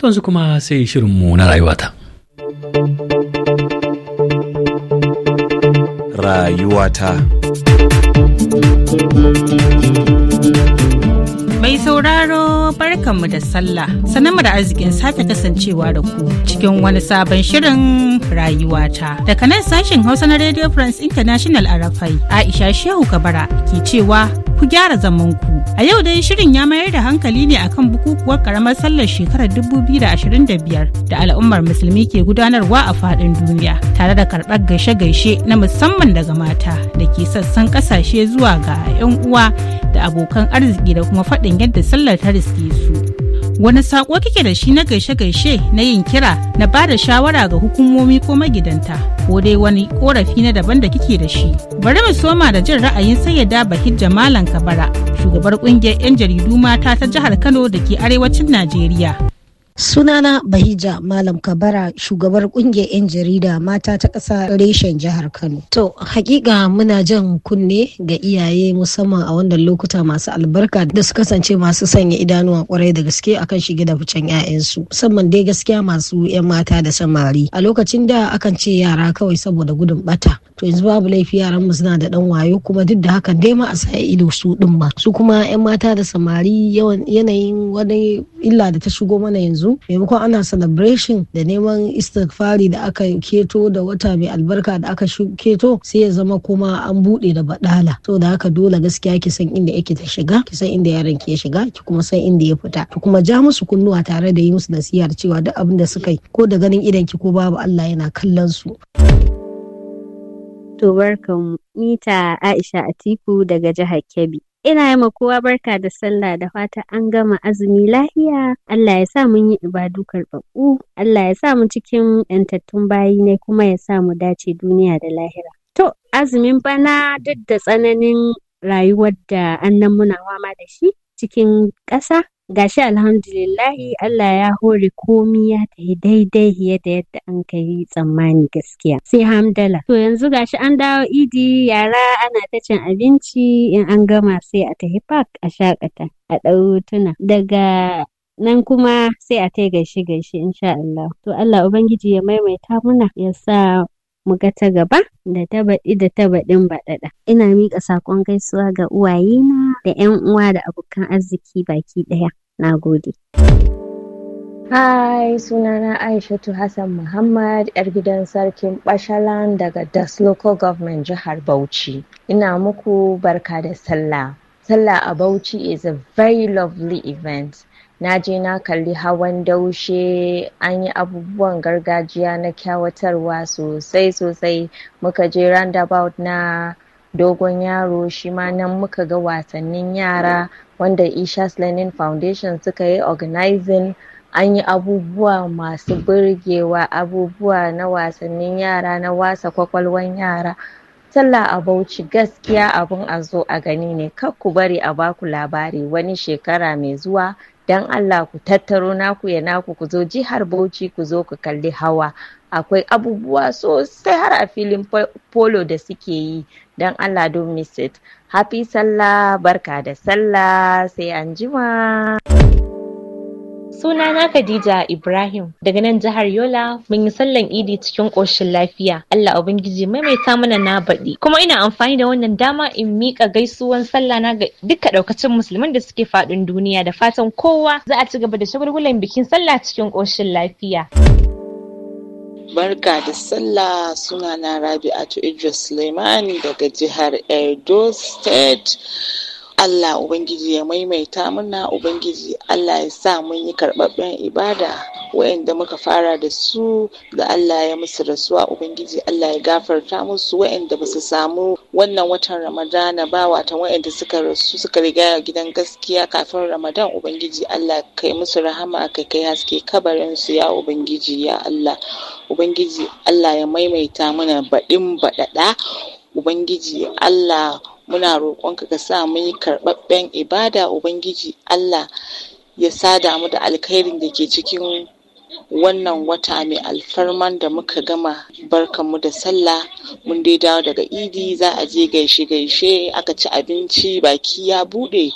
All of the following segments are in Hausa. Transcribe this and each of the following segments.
to yanzu kuma sai shirinmu na Rayuwa ta. Mai sauraro barkanmu da sallah sananmu da arzikin sake kasancewa da ku cikin wani sabon shirin rayuwata. Daga nan sashin Hausa na Radio France International a Rafai, Aisha Shehu Kabara ke cewa ku gyara zamanku. A yau dai shirin ya mayar da hankali ne akan bukukuwar karamar sallar shekarar 2025 da al'ummar musulmi ke gudanarwa a faɗin duniya tare da karɓar gaishe-gaishe na musamman daga mata da ke sassan ƙasashe zuwa ga 'yan uwa da abokan arziki da kuma faɗin yadda sallar ta riske su. Wani sako kike da shi na gaishe-gaishe na yin kira na ba da shawara ga hukumomi ko magidanta ko dai wani korafi na daban da kike da shi. Bari mu soma da jin ra'ayin sayyada bakin Jamalan Kabara, shugabar kungiyar 'yan jaridu mata ta jihar Kano da ke arewacin Najeriya. Sunana Bahija Malam Kabara shugabar kungiyar 'yan jarida mata ta ƙasa reshen jihar Kano. To, hakika muna jan kunne ga iyaye musamman a wannan lokuta masu albarka da su kasance masu sanya idanuwa kwarai da gaske akan shige da ficen 'ya'yansu. Musamman dai gaskiya masu 'yan mata da samari. A lokacin da akan ce yara kawai saboda gudun bata. To yanzu babu laifi yaran mu suna da dan wayo kuma duk da hakan dai ma a sa ido su din ma. Su kuma 'yan mata da samari yanayin wani illa da ta shigo mana yanzu yanzu maimakon ana celebration da neman istighfari da aka keto da wata mai albarka da aka keto sai ya zama kuma an bude da badala to da haka dole gaskiya ki san inda yake ta shiga ki san inda yaron ki ya shiga ki kuma san inda ya fita ki kuma ja musu kunnuwa tare da yi musu nasiha cewa duk abin da suka yi ko da ganin idan ki ko babu Allah yana kallon su. To barkan mita Aisha Atiku daga jihar Kebbi. Ina yi ma kowa barka da sallah da fata an gama azumi lahiya. Allah ya sa mun yi ibadu karɓaɓɓu. Allah ya sa mu cikin ‘yantattun bayi ne kuma ya sa mu dace duniya da lahira. To, azumin bana duk da tsananin rayuwar da annan muna wama da shi cikin ƙasa gashi alhamdulillahi Allah ya hore komi ya yi daidai da yadda an yi tsammani gaskiya sai hamdala to yanzu gashi an dawo idi yara ana ta cin abinci in an gama sai a tafi park a shakata a ɗau daga nan kuma sai a ta gaishe gaishe insha Allah to Allah ubangiji ya maimaita muna ya sa mu ga ta gaba da ta baɗi da ta baɗin baɗaɗa. Ina miƙa sakon gaisuwa ga uwayena da 'yan uwa da abokan arziki baki ɗaya. Na gode. Hi, sunana Aishatu Hassan Muhammad, 'yar gidan sarkin Bashalan daga Das Local Government jihar Bauchi. Ina muku barka da sallah. Sallah a Bauchi is a very lovely event. na je na kalli hawan daushe an yi abubuwan gargajiya na kyawatarwa sosai sosai muka je roundabout na Dogon Yaro shi ma nan muka ga wasannin yara wanda Isha's Learning Foundation suka yi organizing an yi abubuwa masu burgewa abubuwa na wasannin yara na wasa kwakwalwan yara sallah a bauchi gaskiya abun a zo a gani ne kar ku bari a baku labari wani shekara mai zuwa don allah ku tattaro naku ya naku ku zo jihar bauchi ku zo ku kalli hawa akwai abubuwa sosai har a filin polo da suke yi don Allah don miss it. Happy Sallah, barka da Sallah, sai anjima" jima. na Khadija Ibrahim daga nan jihar Yola mun yi sallan Idi cikin ƙoshin lafiya. Allah Ubangiji maimaita mana na baɗi. Kuma ina amfani da wannan dama in miƙa gaisuwan sallah na ga duka ɗaukacin musulman da suke faɗin duniya da fatan kowa za a ci gaba da shagulgulan bikin sallah cikin ƙoshin lafiya. Barka da sallah sunana Rabi'atu Idris Suleimani daga jihar Edo State. Allah Ubangiji ya maimaita muna Ubangiji Allah ya sa mun yi karɓaɓɓen ibada wa'anda muka fara da su da Allah ya musu rasuwa Ubangiji Allah ya gafarta musu wa'anda ba su samu wannan watan Ramadana ba wata wa'anda suka rasu suka riga gidan gaskiya kafin Ramadan Ubangiji Allah kai musu rahama kai kai haske kabarin su ya Ubangiji ya Allah Ubangiji Allah ya maimaita muna baɗin baɗaɗa Ubangiji Allah muna roƙonka ka sa mu yi karɓaɓɓen ibada ubangiji allah ya sada mu da alkhairin da ke cikin wannan wata mai alfarman da muka gama barkanmu da sallah mun dai dawo daga idi za a je gaishe gaishe aka ci abinci baki ya bude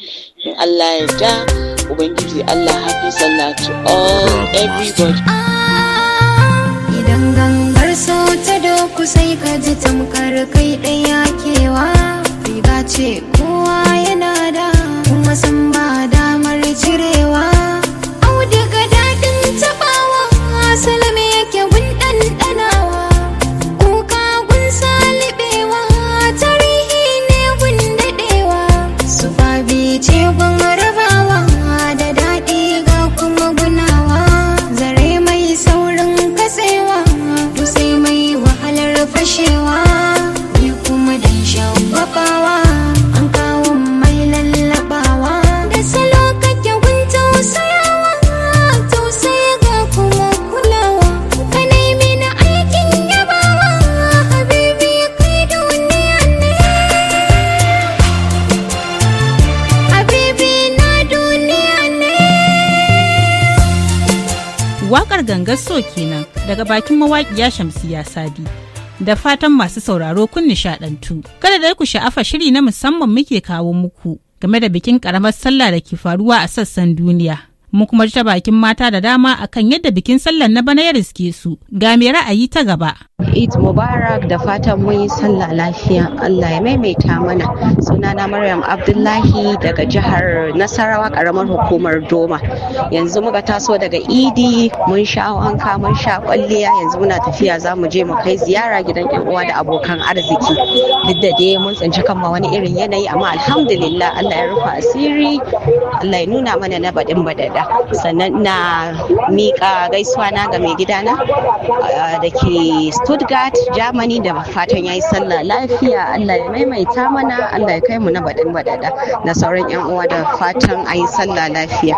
in allah ya da ubangiji allah happy sallah to all everybody ah, idan gangar sau ta doku sai ka ji tamkar kai ɗaya ce kowa yana da kuma san ba da Wakar gangar so kenan daga bakin mawaƙiya Shamsiya Sadi. Da fatan masu sauraro kun nishaɗantu. Kada dai ku sha'afa shiri na musamman muke kawo muku game da bikin ƙaramar sallah da ke faruwa a sassan duniya. mun kuma ji ta bakin mata da dama akan yadda bikin sallar na bana ya riske su ga mai ra'ayi ta gaba Eid Mubarak da fatan mun yi sallah lafiya Allah ya maimaita mana sunana Maryam Abdullahi daga jihar Nasarawa karamar hukumar Doma yanzu muka taso daga Idi mun sha wanka mun sha kwalliya yanzu muna tafiya za mu je mu kai ziyara gidan yan uwa da abokan arziki duk da dai mun tsinci kanmu wani irin yanayi amma alhamdulillah Allah ya rufa asiri Allah ya nuna mana na baɗin baɗaɗa sannan na miƙa gaisuwa na ga mai gidana eh, da ke stuttgart germany da fatan ya yi sallah lafiya allah ya maimaita mana allah ya kai mu na baɗin baɗaɗa na sauran 'yan uwa da fatan a yi sallah lafiya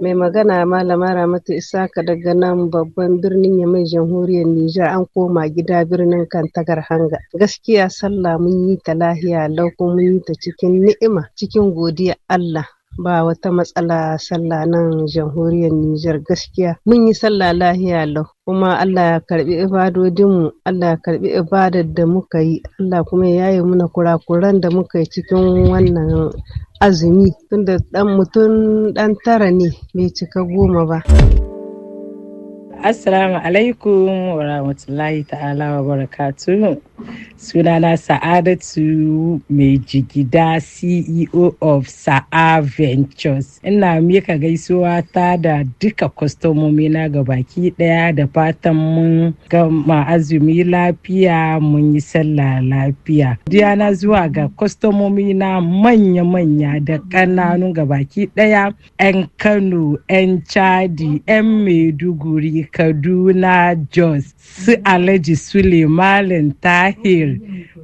mai magana malama ramatu isaka daga nan babban birnin ya mai jamhuriyar nijar an koma gida birnin kantagar hanga gaskiya sallah mun yi ta lahiya lau mun yi ta cikin ni'ima cikin godiya allah ba wata matsala sallah nan jamhuriyar Nijar gaskiya mun yi sallah lahiya lau kuma Allah ya karbi ibadodinmu Allah ya karbi ibadar da muka yi Allah kuma ya yi muna kurakuran da muka yi cikin wannan azumi tunda dan mutum dan tara ne bai cika goma ba. Assalamu alaikum wa rahmatullahi ta'ala wa barakatu. Sunana Sa'adatu mai jigida CEO of Sa'a Ventures. Ina mika gaisuwa ta da duka kwastomomi na baki daya da fatan mun gama azumi lafiya mun yi sallah lafiya. Diyana zuwa ga kwastomomi na manya-manya da ƙananun baki daya 'yan Kano, 'yan Chadi, 'yan Maiduguri, kaduna jos su mm. alhaji sule tahir oh,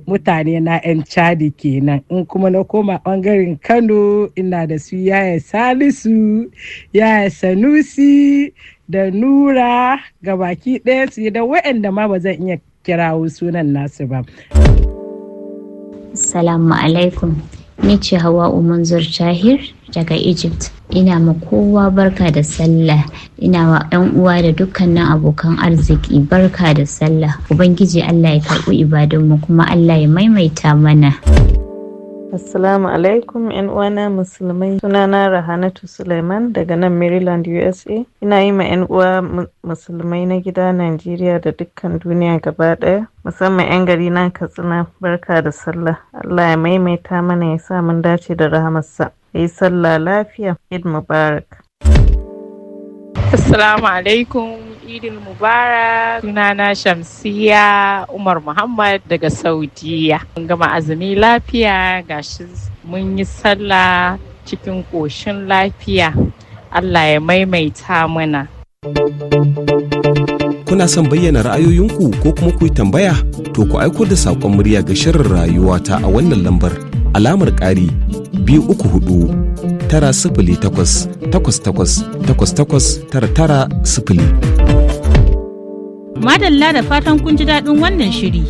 mutane na 'yan chadi kenan in kuma na koma bangaren kano ina da su yaya salisu yaya sanusi da nura ga baki ɗaya su da waɗanda ma ba zan iya kirawo sunan nasu ba. Salamu alaikum. Ni ce hawa umar Tahir daga Egypt. Ina ma kowa barka da sallah. Ina wa 'yan uwa da dukkanin abokan arziki barka da sallah. Ubangiji Allah ya karɓi ibadunmu kuma Allah ya maimaita mana. Assalamu alaikum ‘yan uwana musulmai sunana Rahanatu Suleiman daga nan Maryland USA. Ina yi ma ‘yan uwa musulmai na gida Najeriya da dukkan duniya gaba ɗaya. Musamman ‘yan gari na Katsina barka da sallah. Allah ya maimaita mana ya sa mun dace da rahamarsa. Yi sallah lafiya. Eid Mubarak. Assalamu alaikum Idil Mubarak sunana Shamsiya Umar Muhammad daga Saudiya. Mun gama azumi lafiya gashi mun yi sallah cikin ƙoshin lafiya. Allah ya maimaita mana. Kuna son bayyana ra'ayoyinku ko kuma ku yi tambaya? To ku aiko da saƙon murya ga shirin rayuwata a wannan lambar alamar ƙari biyu uku hudu tara sifili takwas takwas takwas takwas takwas tara tara sifili. Madalla da fatan kun ji daɗin wannan shiri.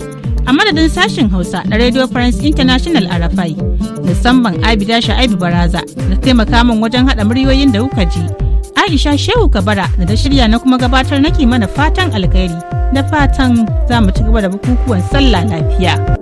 A madadin sashen Hausa na Radio France International Arafai, musamman Abida Sha'ibu Baraza na taimaka min wajen haɗa muryoyin da kuka ji. Aisha Shehu Kabara da ta shirya na kuma gabatar nake mana fatan alkhairi da fatan za mu ci gaba da bukukuwan sallah lafiya.